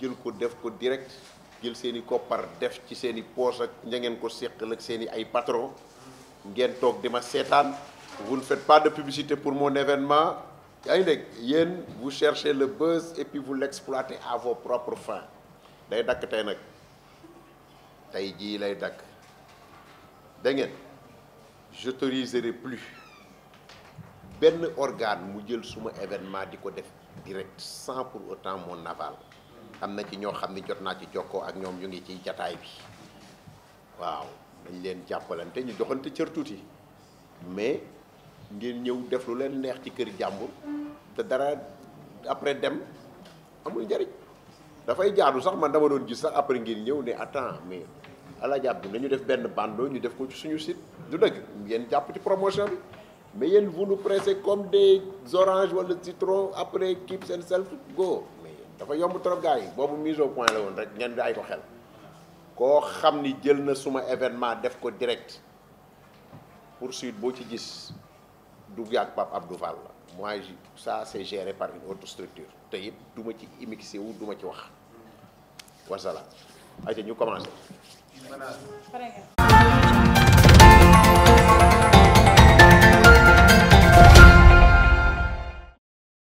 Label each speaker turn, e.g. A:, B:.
A: jël ko def ko direct jël seen i koppar def ci seen i poche ak ña ngeen ko seqal ak seen ay patron ngeen toog di ma seetaan vous ne faites pas de publicité pour mon événement yaa ngi dégg yéen vous cherchez le buzz et puis vous l'exploitez à vos propres fins day dakk tey nag tey jii lay dakk da ngeen j'autoriserai plus benn organe mu jël suma événement di ko def direct sans pour autant mon aval am na ci ñoo xam ni jot naa ci jokkoo ak ñoom ñu ngi ciy jataay bi waaw dañ leen jàppalante ñu joxante cër tuuti mais ngeen ñëw def lu leen neex ci kër jàmbur te dara après dem amul njariñ dafay jaadu sax man dama doon gis sax après ngeen ñëw ne attends mais ala na ñu def benn bando ñu def ko ci suñu site du dëgg ngeen jàpp ci promotion bi mais yenn vous nous pressez comme de oranges wala citron après keep and self go dafa yomb trop gars yi boobu mise au point la woon rek ngeen ay ko xel koo xam ni jël na suma événement def ko direct poursuite boo ci gis du yàgg Pape Abdou Fall la moi ça c'est géré par une autre structure te it duma ci immiscé wu duma ci wax wasalaam ayca ñu commencé